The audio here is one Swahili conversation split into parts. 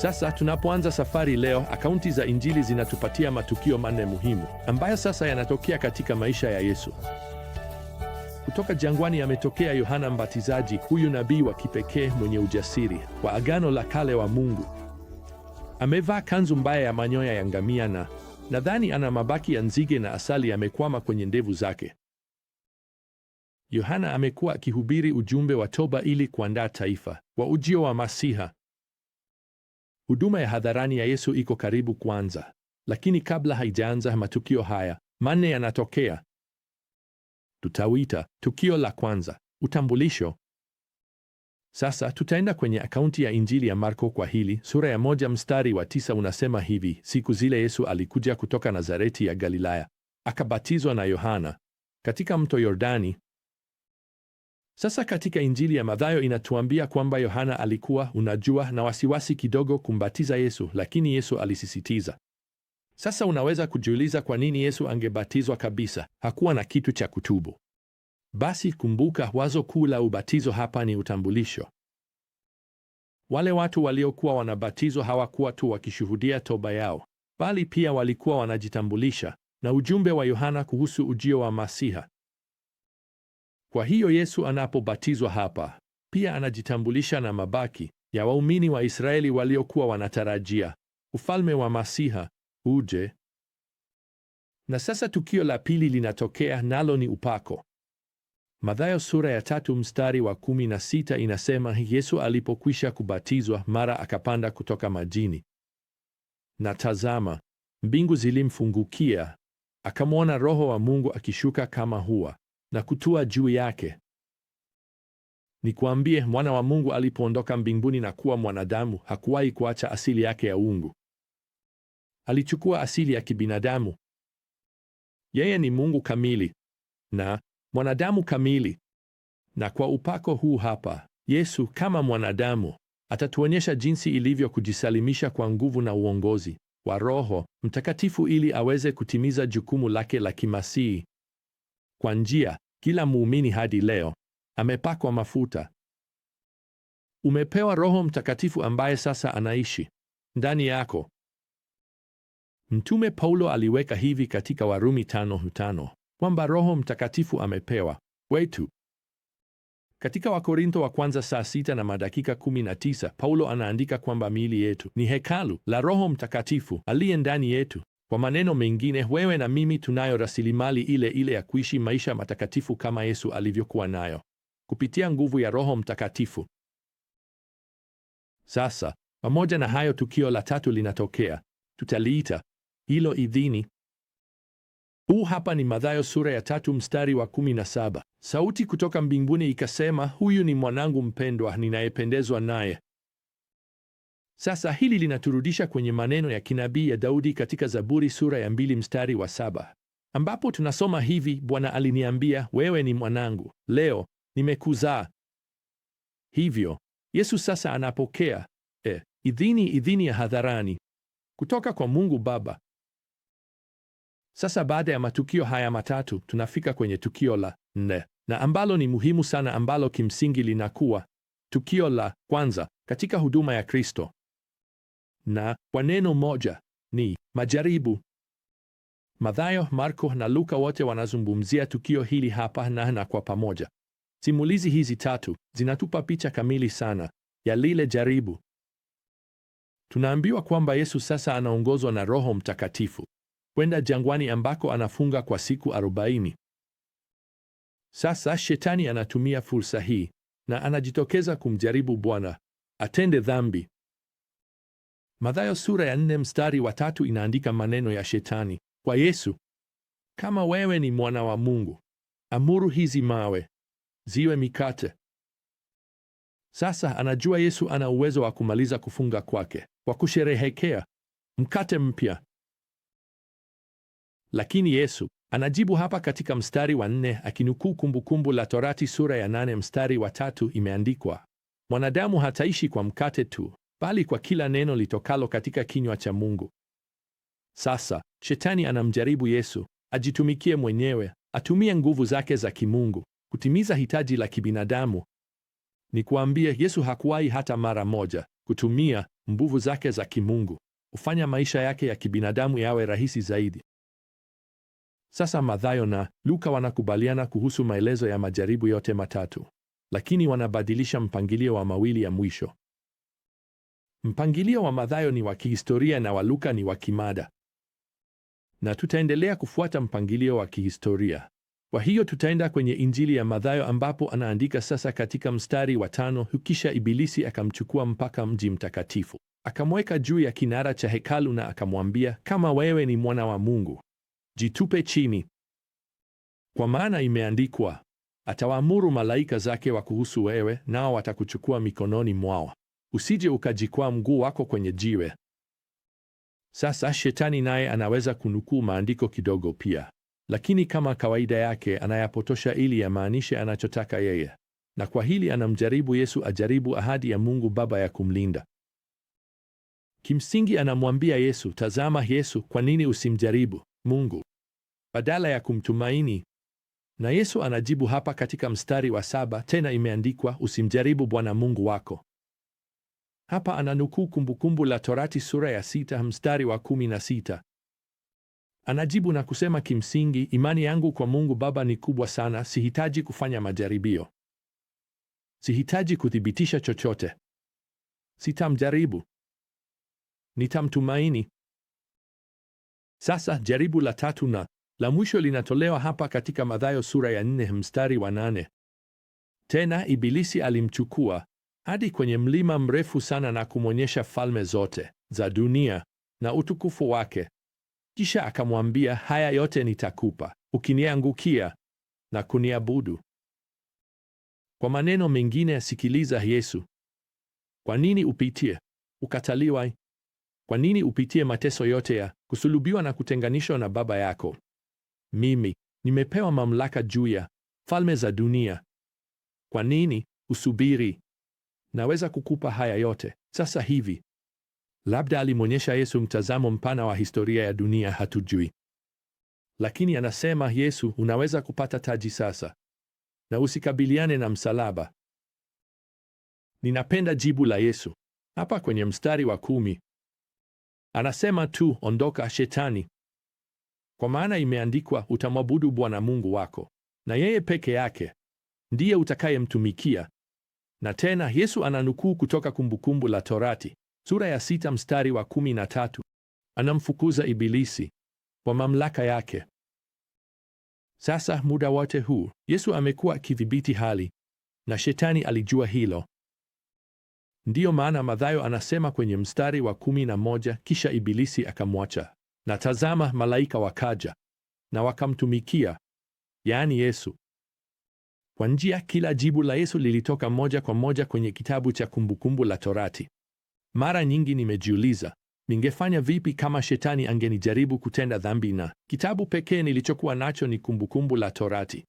Sasa tunapoanza safari leo, akaunti za Injili zinatupatia matukio manne muhimu ambayo sasa yanatokea katika maisha ya Yesu. Kutoka jangwani ametokea Yohana Mbatizaji, huyu nabii wa kipekee mwenye ujasiri wa Agano la Kale wa Mungu. Amevaa kanzu mbaya ya manyoya ya ngamia na nadhani ana mabaki ya nzige na asali yamekwama kwenye ndevu zake. Yohana amekuwa akihubiri ujumbe wa toba ili kuandaa taifa kwa ujio wa Masiha. Huduma ya hadharani ya Yesu iko karibu kwanza lakini kabla haijaanza, matukio haya manne yanatokea. Tutawita tukio la kwanza utambulisho. Sasa tutaenda kwenye akaunti ya Injili ya Marko kwa hili. Sura ya moja mstari wa tisa unasema hivi: siku zile Yesu alikuja kutoka Nazareti ya Galilaya akabatizwa na Yohana katika mto Yordani sasa katika Injili ya Mathayo inatuambia kwamba Yohana alikuwa, unajua, na wasiwasi kidogo kumbatiza Yesu, lakini Yesu alisisitiza. Sasa unaweza kujiuliza kwa nini Yesu angebatizwa kabisa? Hakuwa na kitu cha kutubu. Basi kumbuka, wazo kuu la ubatizo hapa ni utambulisho. Wale watu waliokuwa wanabatizwa hawakuwa tu wakishuhudia toba yao, bali pia walikuwa wanajitambulisha, na ujumbe wa Yohana kuhusu ujio wa Masiha kwa hiyo Yesu anapobatizwa hapa, pia anajitambulisha na mabaki ya waumini wa Israeli waliokuwa wanatarajia ufalme wa Masiha uje. Na sasa tukio la pili linatokea nalo ni upako. Mathayo sura ya tatu mstari wa kumi na sita inasema, Yesu alipokwisha kubatizwa mara akapanda kutoka majini, na tazama, mbingu zilimfungukia, akamwona Roho wa Mungu akishuka kama hua na kutua juu yake. Nikwambie, mwana wa Mungu alipoondoka mbinguni na kuwa mwanadamu, hakuwahi kuacha asili yake ya uungu. Alichukua asili ya kibinadamu. Yeye ni Mungu kamili na mwanadamu kamili, na kwa upako huu hapa, Yesu kama mwanadamu atatuonyesha jinsi ilivyo kujisalimisha kwa nguvu na uongozi wa Roho Mtakatifu ili aweze kutimiza jukumu lake la kimasihi. Kwa njia, kila muumini hadi leo amepakwa mafuta. Umepewa Roho Mtakatifu ambaye sasa anaishi ndani yako. Mtume Paulo aliweka hivi katika Warumi tano hutano kwamba Roho Mtakatifu amepewa wetu. Katika Wakorinto wa kwanza saa sita na madakika 19 Paulo anaandika kwamba miili yetu ni hekalu la Roho Mtakatifu aliye ndani yetu. Kwa maneno mengine, wewe na mimi tunayo rasilimali ile ile ya kuishi maisha matakatifu kama Yesu alivyokuwa nayo kupitia nguvu ya Roho Mtakatifu. Sasa, pamoja na hayo, tukio la tatu linatokea. Tutaliita hilo idhini. Huu hapa ni Mathayo sura ya tatu mstari wa 17. Sauti kutoka mbinguni ikasema, huyu ni mwanangu mpendwa, ninayependezwa naye, sasa hili linaturudisha kwenye maneno ya kinabii ya Daudi katika Zaburi sura ya mbili mstari wa saba ambapo tunasoma hivi: Bwana aliniambia, wewe ni mwanangu, leo nimekuzaa. Hivyo Yesu sasa anapokea e, idhini idhini ya hadharani kutoka kwa Mungu Baba. Sasa baada ya matukio haya matatu tunafika kwenye tukio la nne na ambalo ni muhimu sana, ambalo kimsingi linakuwa tukio la kwanza katika huduma ya Kristo na kwa neno moja ni majaribu. Mathayo, Marko na Luka wote wanazungumzia tukio hili hapa na na kwa pamoja. Simulizi hizi tatu zinatupa picha kamili sana ya lile jaribu. Tunaambiwa kwamba Yesu sasa anaongozwa na Roho Mtakatifu kwenda jangwani ambako anafunga kwa siku arobaini. Sasa shetani anatumia fursa hii na anajitokeza kumjaribu Bwana atende dhambi Mathayo sura ya nne mstari wa tatu inaandika maneno ya Shetani kwa Yesu, kama wewe ni mwana wa Mungu, amuru hizi mawe ziwe mikate. Sasa anajua Yesu ana uwezo wa kumaliza kufunga kwake kwa kusherehekea mkate mpya, lakini Yesu anajibu hapa katika mstari wa nne akinukuu Kumbukumbu la Torati sura ya nane mstari wa tatu, imeandikwa, mwanadamu hataishi kwa mkate tu bali kwa kila neno litokalo katika kinywa cha Mungu. Sasa shetani anamjaribu Yesu ajitumikie mwenyewe, atumie nguvu zake za kimungu kutimiza hitaji la kibinadamu. Nikuambie, Yesu hakuwahi hata mara moja kutumia nguvu zake za kimungu kufanya maisha yake ya kibinadamu yawe rahisi zaidi. Sasa Mathayo na Luka wanakubaliana kuhusu maelezo ya majaribu yote matatu, lakini wanabadilisha mpangilio wa mawili ya mwisho. Mpangilio wa Mathayo ni wa kihistoria na wa Luka ni wa kimada, na tutaendelea kufuata mpangilio wa kihistoria. Kwa hiyo tutaenda kwenye Injili ya Mathayo ambapo anaandika sasa katika mstari wa tano, hukisha Ibilisi akamchukua mpaka mji mtakatifu akamweka juu ya kinara cha hekalu na akamwambia, kama wewe ni mwana wa Mungu jitupe chini, kwa maana imeandikwa, atawaamuru malaika zake wa kuhusu wewe, nao watakuchukua mikononi mwao usije ukajikwaa mguu wako kwenye jiwe. Sasa shetani naye anaweza kunukuu maandiko kidogo pia, lakini kama kawaida yake anayapotosha ili yamaanishe anachotaka yeye, na kwa hili anamjaribu Yesu ajaribu ahadi ya Mungu Baba ya kumlinda. Kimsingi anamwambia Yesu, tazama Yesu, kwa nini usimjaribu Mungu badala ya kumtumaini? Na Yesu anajibu hapa katika mstari wa saba, tena imeandikwa usimjaribu Bwana Mungu wako. Hapa ananukuu Kumbukumbu la Torati sura ya sita mstari wa kumi na sita. Anajibu na kusema, kimsingi imani yangu kwa Mungu Baba ni kubwa sana, sihitaji kufanya majaribio, sihitaji kuthibitisha chochote, sitamjaribu, nitamtumaini. Sasa jaribu la tatu na la mwisho linatolewa hapa katika Mathayo sura ya nne mstari wa nane. Tena Ibilisi alimchukua hadi kwenye mlima mrefu sana na kumwonyesha falme zote za dunia na utukufu wake. Kisha akamwambia, haya yote nitakupa ukiniangukia na kuniabudu. Kwa maneno mengine, sikiliza Yesu. Kwa nini upitie ukataliwa? Kwa nini upitie mateso yote ya kusulubiwa na kutenganishwa na baba yako? Mimi nimepewa mamlaka juu ya falme za dunia. Kwa nini usubiri? naweza kukupa haya yote sasa hivi. Labda alimwonyesha Yesu mtazamo mpana wa historia ya dunia, hatujui. Lakini anasema Yesu, unaweza kupata taji sasa na usikabiliane na msalaba. Ninapenda jibu la Yesu hapa kwenye mstari wa kumi. Anasema tu, ondoka Shetani, kwa maana imeandikwa, utamwabudu Bwana Mungu wako na yeye peke yake ndiye utakayemtumikia. Na tena Yesu ananukuu kutoka Kumbukumbu la Torati sura ya sita mstari wa kumi na tatu anamfukuza Ibilisi kwa mamlaka yake. Sasa muda wote huu Yesu amekuwa akidhibiti hali na shetani alijua hilo. Ndiyo maana Mathayo anasema kwenye mstari wa kumi na moja kisha Ibilisi akamwacha, na tazama, malaika wakaja na wakamtumikia, yaani Yesu. Kwa njia, kila jibu la Yesu lilitoka moja kwa moja kwenye kitabu cha Kumbukumbu la Torati. Mara nyingi nimejiuliza ningefanya vipi kama shetani angenijaribu kutenda dhambi, na kitabu pekee nilichokuwa nacho ni Kumbukumbu la Torati.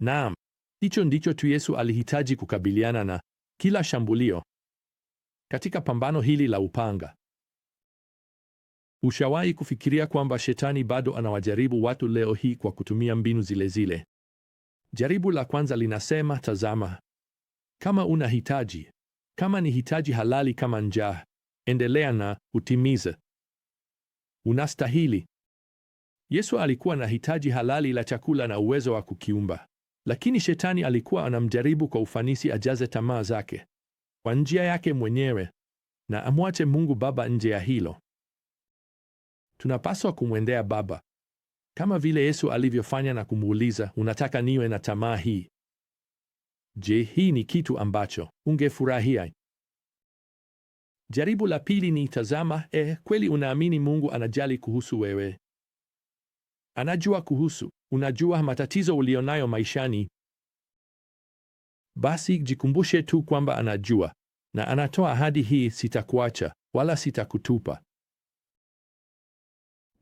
Naam, hicho ndicho tu Yesu alihitaji kukabiliana na kila shambulio katika pambano hili la upanga. Ushawahi kufikiria kwamba shetani bado anawajaribu watu leo hii kwa kutumia mbinu zile zile? Jaribu la kwanza linasema, tazama, kama una hitaji, kama ni hitaji halali kama njaa, endelea na utimize, unastahili. Yesu alikuwa na hitaji halali la chakula na uwezo wa kukiumba, lakini shetani alikuwa anamjaribu kwa ufanisi ajaze tamaa zake kwa njia yake mwenyewe na amwache Mungu Baba nje ya hilo. Tunapaswa kumwendea Baba kama vile Yesu alivyofanya na kumuuliza, unataka niwe na tamaa hii? Je, hii ni kitu ambacho ungefurahia? Jaribu la pili ni tazama, eh, kweli unaamini Mungu anajali kuhusu wewe? Anajua kuhusu, unajua matatizo ulionayo maishani. Basi jikumbushe tu kwamba anajua na anatoa ahadi hii, sitakuacha wala sitakutupa.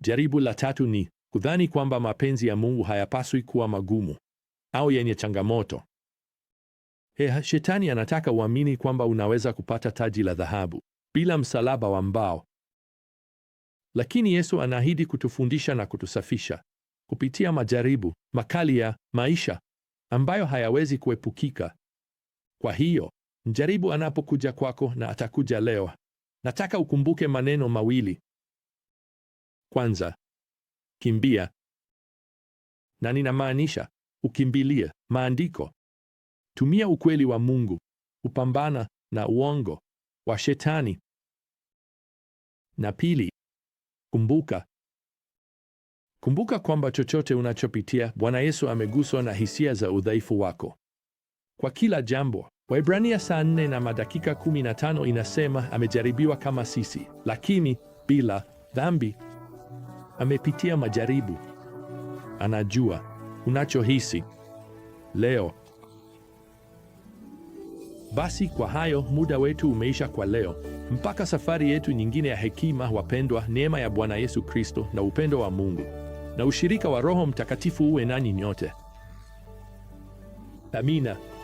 Jaribu la tatu ni kudhani kwamba mapenzi ya Mungu hayapaswi kuwa magumu au yenye changamoto. He, eh, shetani anataka uamini kwamba unaweza kupata taji la dhahabu bila msalaba wa mbao, lakini Yesu anaahidi kutufundisha na kutusafisha kupitia majaribu makali ya maisha ambayo hayawezi kuepukika. Kwa hiyo mjaribu anapokuja kwako, na atakuja leo, nataka ukumbuke maneno mawili. Kwanza, Kimbia. Na ninamaanisha ukimbilie maandiko. Tumia ukweli wa Mungu upambana na uongo wa shetani. Na pili, kumbuka kumbuka kwamba chochote unachopitia, Bwana Yesu ameguswa na hisia za udhaifu wako kwa kila jambo. Waebrania saa nne na madakika 15 inasema amejaribiwa kama sisi, lakini bila dhambi amepitia majaribu, anajua unachohisi leo. Basi kwa hayo, muda wetu umeisha kwa leo. Mpaka safari yetu nyingine ya hekima, wapendwa, neema ya Bwana Yesu Kristo na upendo wa Mungu na ushirika wa Roho Mtakatifu uwe nanyi nyote. Amina.